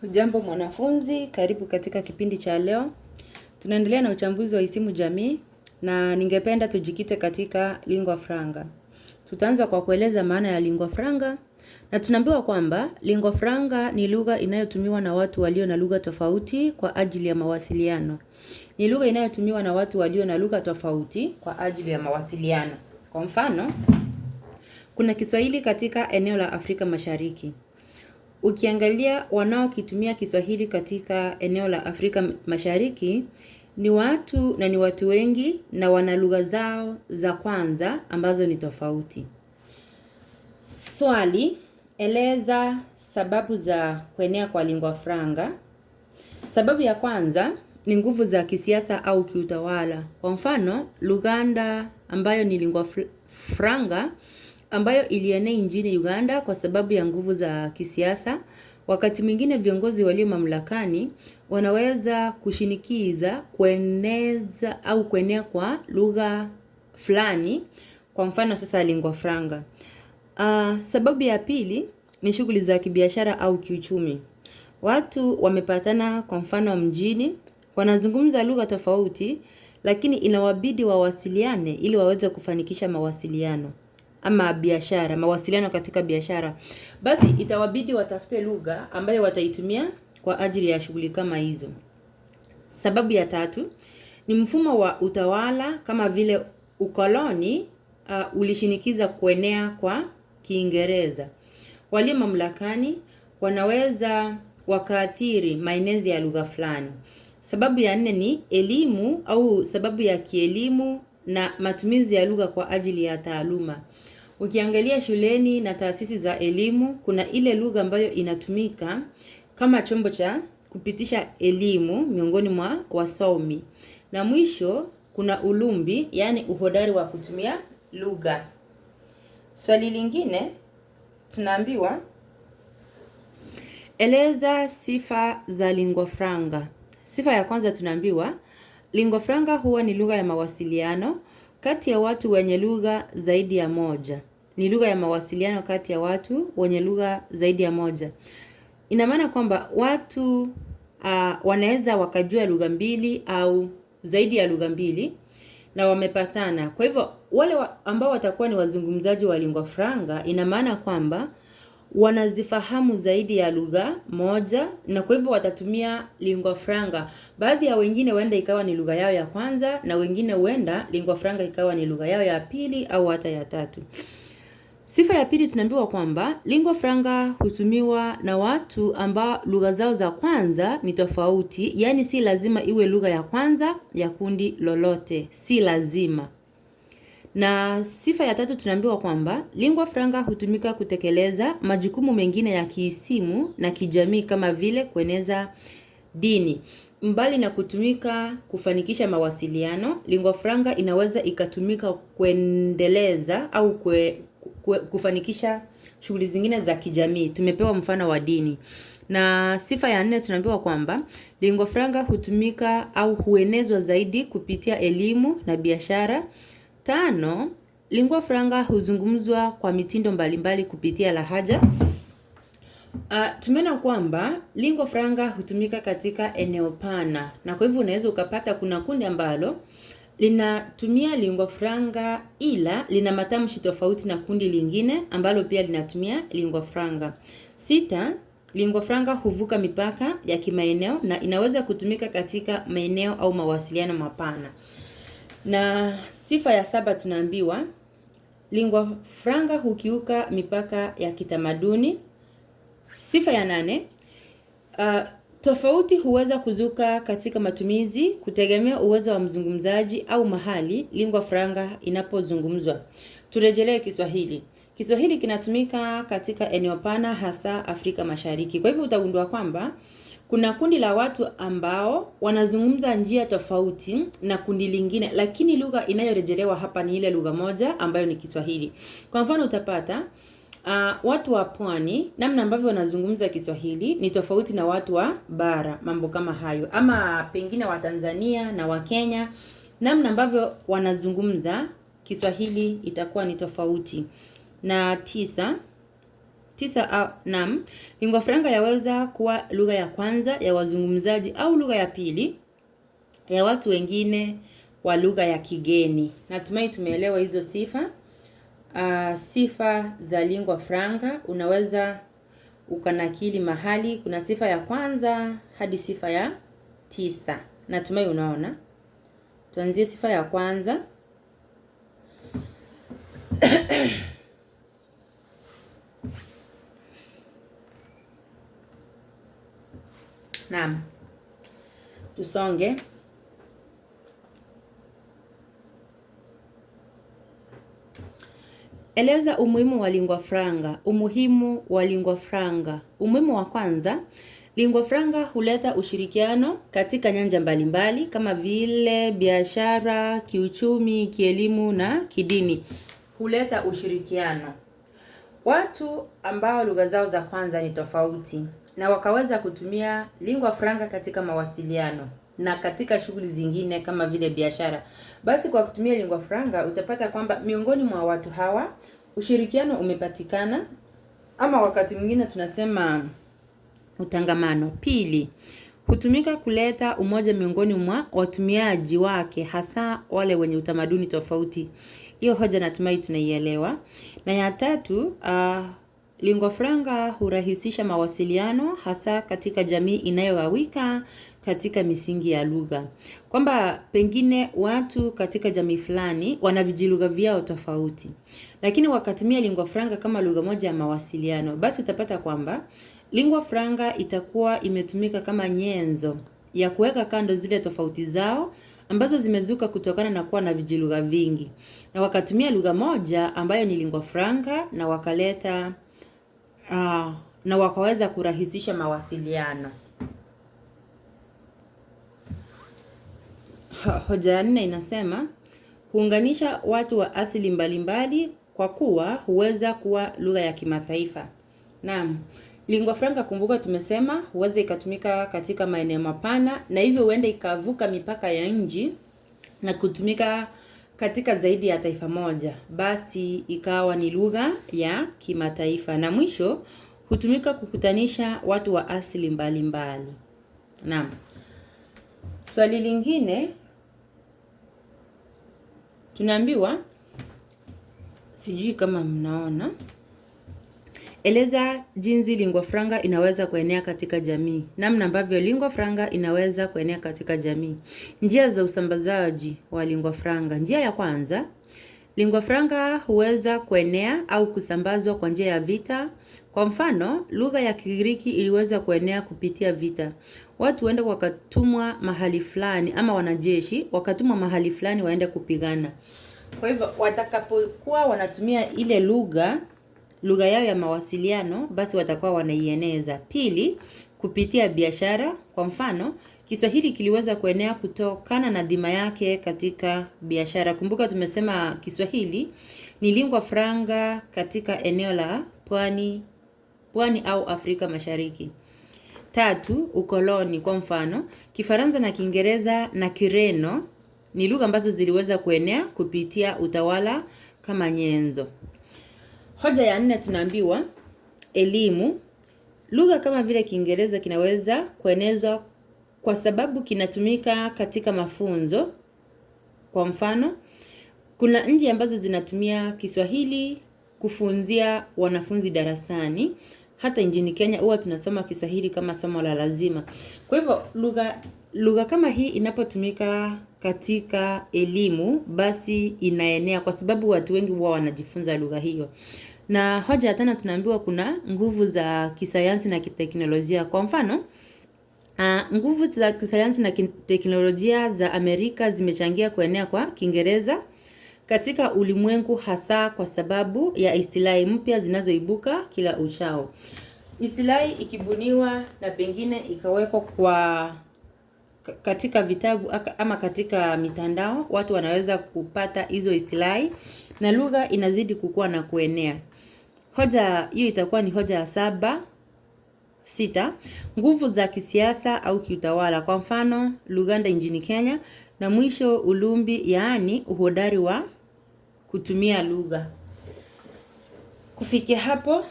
Hujambo mwanafunzi, karibu katika kipindi cha leo. Tunaendelea na uchambuzi wa isimu jamii na ningependa tujikite katika lingua franca. Tutaanza kwa kueleza maana ya lingua franca na tunaambiwa kwamba lingua franca ni lugha inayotumiwa na watu walio na lugha tofauti kwa ajili ya mawasiliano. Ni lugha inayotumiwa na watu walio na lugha tofauti kwa ajili ya mawasiliano. Kwa mfano, kuna Kiswahili katika eneo la Afrika Mashariki. Ukiangalia wanaokitumia Kiswahili katika eneo la Afrika Mashariki ni watu na ni watu wengi na wana lugha zao za kwanza ambazo ni tofauti. Swali, eleza sababu za kuenea kwa lingua franca. Sababu ya kwanza ni nguvu za kisiasa au kiutawala. Kwa mfano, Luganda ambayo ni lingua franca ambayo ilienea nchini Uganda kwa sababu ya nguvu za kisiasa. Wakati mwingine viongozi walio mamlakani wanaweza kushinikiza kueneza au kuenea kwa lugha fulani, kwa mfano sasa lingua franca. Uh, ah, sababu ya pili ni shughuli za kibiashara au kiuchumi. Watu wamepatana kwa mfano mjini, wanazungumza lugha tofauti, lakini inawabidi wawasiliane ili waweze kufanikisha mawasiliano ama biashara, mawasiliano katika biashara, basi itawabidi watafute lugha ambayo wataitumia kwa ajili ya shughuli kama hizo. Sababu ya tatu ni mfumo wa utawala kama vile ukoloni uh, ulishinikiza kuenea kwa Kiingereza. Walio mamlakani wanaweza wakaathiri maenezi ya lugha fulani. Sababu ya nne ni elimu au sababu ya kielimu na matumizi ya lugha kwa ajili ya taaluma. Ukiangalia shuleni na taasisi za elimu, kuna ile lugha ambayo inatumika kama chombo cha kupitisha elimu miongoni mwa wasomi, na mwisho kuna ulumbi, yaani uhodari wa kutumia lugha. Swali lingine tunaambiwa eleza sifa za lingua franca. Sifa ya kwanza tunaambiwa lingua franca huwa ni lugha ya mawasiliano kati ya watu wenye lugha zaidi ya moja ni lugha ya mawasiliano kati ya watu wenye lugha zaidi ya moja. Ina maana kwamba watu uh, ah, wanaweza wakajua lugha mbili au zaidi ya lugha mbili na wamepatana. Kwa hivyo wale wa, ambao watakuwa ni wazungumzaji wa lingua franca, ina maana kwamba wanazifahamu zaidi ya lugha moja, na kwa hivyo watatumia lingua franca. Baadhi ya wengine huenda ikawa ni lugha yao ya kwanza, na wengine huenda lingua franca ikawa ni lugha yao ya pili au hata ya tatu. Sifa ya pili tunaambiwa kwamba lingua franca hutumiwa na watu ambao lugha zao za kwanza ni tofauti, yaani si lazima iwe lugha ya kwanza ya kundi lolote, si lazima. Na sifa ya tatu tunaambiwa kwamba lingua franca hutumika kutekeleza majukumu mengine ya kiisimu na kijamii kama vile kueneza dini. Mbali na kutumika kufanikisha mawasiliano, lingua franca inaweza ikatumika kuendeleza au kufanikisha shughuli zingine za kijamii. Tumepewa mfano wa dini. Na sifa ya nne tunaambiwa kwamba lingua franca hutumika au huenezwa zaidi kupitia elimu na biashara. Tano, lingua franca huzungumzwa kwa mitindo mbalimbali kupitia lahaja. Uh, tumeona kwamba lingua franca hutumika katika eneo pana, na kwa hivyo unaweza ukapata kuna kundi ambalo linatumia lingua franca ila lina matamshi tofauti na kundi lingine ambalo pia linatumia lingua franca. Sita, lingua franca huvuka mipaka ya kimaeneo na inaweza kutumika katika maeneo au mawasiliano mapana. Na sifa ya saba tunaambiwa lingua franca hukiuka mipaka ya kitamaduni. Sifa ya nane, uh, Tofauti huweza kuzuka katika matumizi kutegemea uwezo wa mzungumzaji au mahali lingua franca inapozungumzwa. Turejelee Kiswahili. Kiswahili kinatumika katika eneo pana hasa Afrika Mashariki. Kwa hivyo utagundua kwamba kuna kundi la watu ambao wanazungumza njia tofauti na kundi lingine, lakini lugha inayorejelewa hapa ni ile lugha moja ambayo ni Kiswahili. Kwa mfano utapata Uh, watu wa pwani namna ambavyo wanazungumza Kiswahili ni tofauti na watu wa bara, mambo kama hayo, ama pengine Watanzania na Wakenya, namna ambavyo wanazungumza Kiswahili itakuwa ni tofauti. Na tisa tisa uh, nam lingua franca yaweza kuwa lugha ya kwanza ya wazungumzaji au lugha ya pili ya watu wengine wa lugha ya kigeni. Natumai tumeelewa hizo sifa uh, sifa za lingua franca unaweza ukanakili mahali kuna sifa ya kwanza hadi sifa ya tisa. Natumai unaona. Tuanzie sifa ya kwanza. Naam. Tusonge. Eleza umuhimu wa lingua franca. Umuhimu wa lingua franca. Umuhimu wa kwanza, lingua franca huleta ushirikiano katika nyanja mbalimbali kama vile biashara, kiuchumi, kielimu na kidini. Huleta ushirikiano. Watu ambao lugha zao za kwanza ni tofauti na wakaweza kutumia lingua franca katika mawasiliano na katika shughuli zingine kama vile biashara. Basi kwa kutumia lingua franca utapata kwamba miongoni mwa watu hawa ushirikiano umepatikana, ama wakati mwingine tunasema utangamano. Pili, hutumika kuleta umoja miongoni mwa watumiaji wake, hasa wale wenye utamaduni tofauti. Hiyo hoja natumai tunaielewa. Na ya tatu, uh, lingua franca hurahisisha mawasiliano hasa katika jamii inayogawika katika misingi ya lugha, kwamba pengine watu katika jamii fulani wana vijilugha vyao tofauti, lakini wakatumia lingua franca kama lugha moja ya mawasiliano, basi utapata kwamba lingua franca itakuwa imetumika kama nyenzo ya kuweka kando zile tofauti zao ambazo zimezuka kutokana na kuwa na vijilugha vingi, na wakatumia lugha moja ambayo ni lingua franca na wakaleta uh, na wakaweza kurahisisha mawasiliano. Hoja ya nne inasema huunganisha watu wa asili mbalimbali mbali, kwa kuwa huweza kuwa lugha ya kimataifa. Naam, lingua franca, kumbuka tumesema huweza ikatumika katika maeneo mapana na hivyo huenda ikavuka mipaka ya nchi na kutumika katika zaidi ya taifa moja, basi ikawa ni lugha ya kimataifa. Na mwisho hutumika kukutanisha watu wa asili mbalimbali. Naam, swali lingine Tunaambiwa, sijui kama mnaona, eleza jinsi lingua franca inaweza kuenea katika jamii, namna ambavyo lingua franca inaweza kuenea katika jamii, njia za usambazaji wa lingua franca. Njia ya kwanza Lingua franca huweza kuenea au kusambazwa kwa njia ya vita. Kwa mfano, lugha ya Kigiriki iliweza kuenea kupitia vita. Watu huenda wakatumwa mahali fulani ama wanajeshi wakatumwa mahali fulani waende kupigana. Kwa hivyo watakapokuwa wanatumia ile lugha lugha yao ya mawasiliano basi watakuwa wanaieneza. Pili, kupitia biashara kwa mfano Kiswahili kiliweza kuenea kutokana na dhima yake katika biashara. Kumbuka tumesema Kiswahili ni lingua franca katika eneo la pwani pwani au Afrika Mashariki. Tatu, ukoloni. Kwa mfano, Kifaransa na Kiingereza na Kireno ni lugha ambazo ziliweza kuenea kupitia utawala kama nyenzo. Hoja ya nne tunaambiwa elimu. Lugha kama vile Kiingereza kinaweza kuenezwa kwa sababu kinatumika katika mafunzo. Kwa mfano, kuna nchi ambazo zinatumia Kiswahili kufunzia wanafunzi darasani. Hata nchini Kenya huwa tunasoma Kiswahili kama somo la lazima. Kwa hivyo lugha lugha kama hii inapotumika katika elimu, basi inaenea kwa sababu watu wengi huwa wanajifunza lugha hiyo. Na hoja ya tano tunaambiwa kuna nguvu za kisayansi na kiteknolojia. Kwa mfano Uh, nguvu za kisayansi na teknolojia za Amerika zimechangia kuenea kwa Kiingereza katika ulimwengu hasa kwa sababu ya istilahi mpya zinazoibuka kila uchao. Istilahi ikibuniwa na pengine ikawekwa kwa katika vitabu ama katika mitandao, watu wanaweza kupata hizo istilahi na lugha inazidi kukua na kuenea. Hoja hiyo itakuwa ni hoja ya saba. Sita, nguvu za kisiasa au kiutawala, kwa mfano Luganda nchini Kenya, na mwisho ulumbi, yaani uhodari wa kutumia lugha. Kufikia hapo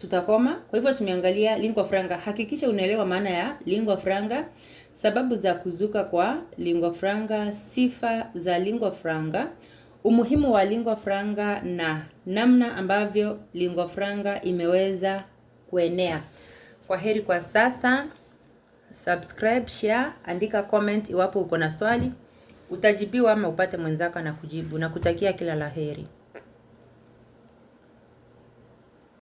tutakoma. Kwa hivyo tumeangalia lingua franca. Hakikisha unaelewa maana ya lingua franca, sababu za kuzuka kwa lingua franca, sifa za lingua franca, umuhimu wa lingua franca na namna ambavyo lingua franca imeweza kuenea. Kwa heri kwa sasa. Subscribe, share, andika comment iwapo uko na swali, utajibiwa ama upate mwenzako na kujibu. Nakutakia kila la heri.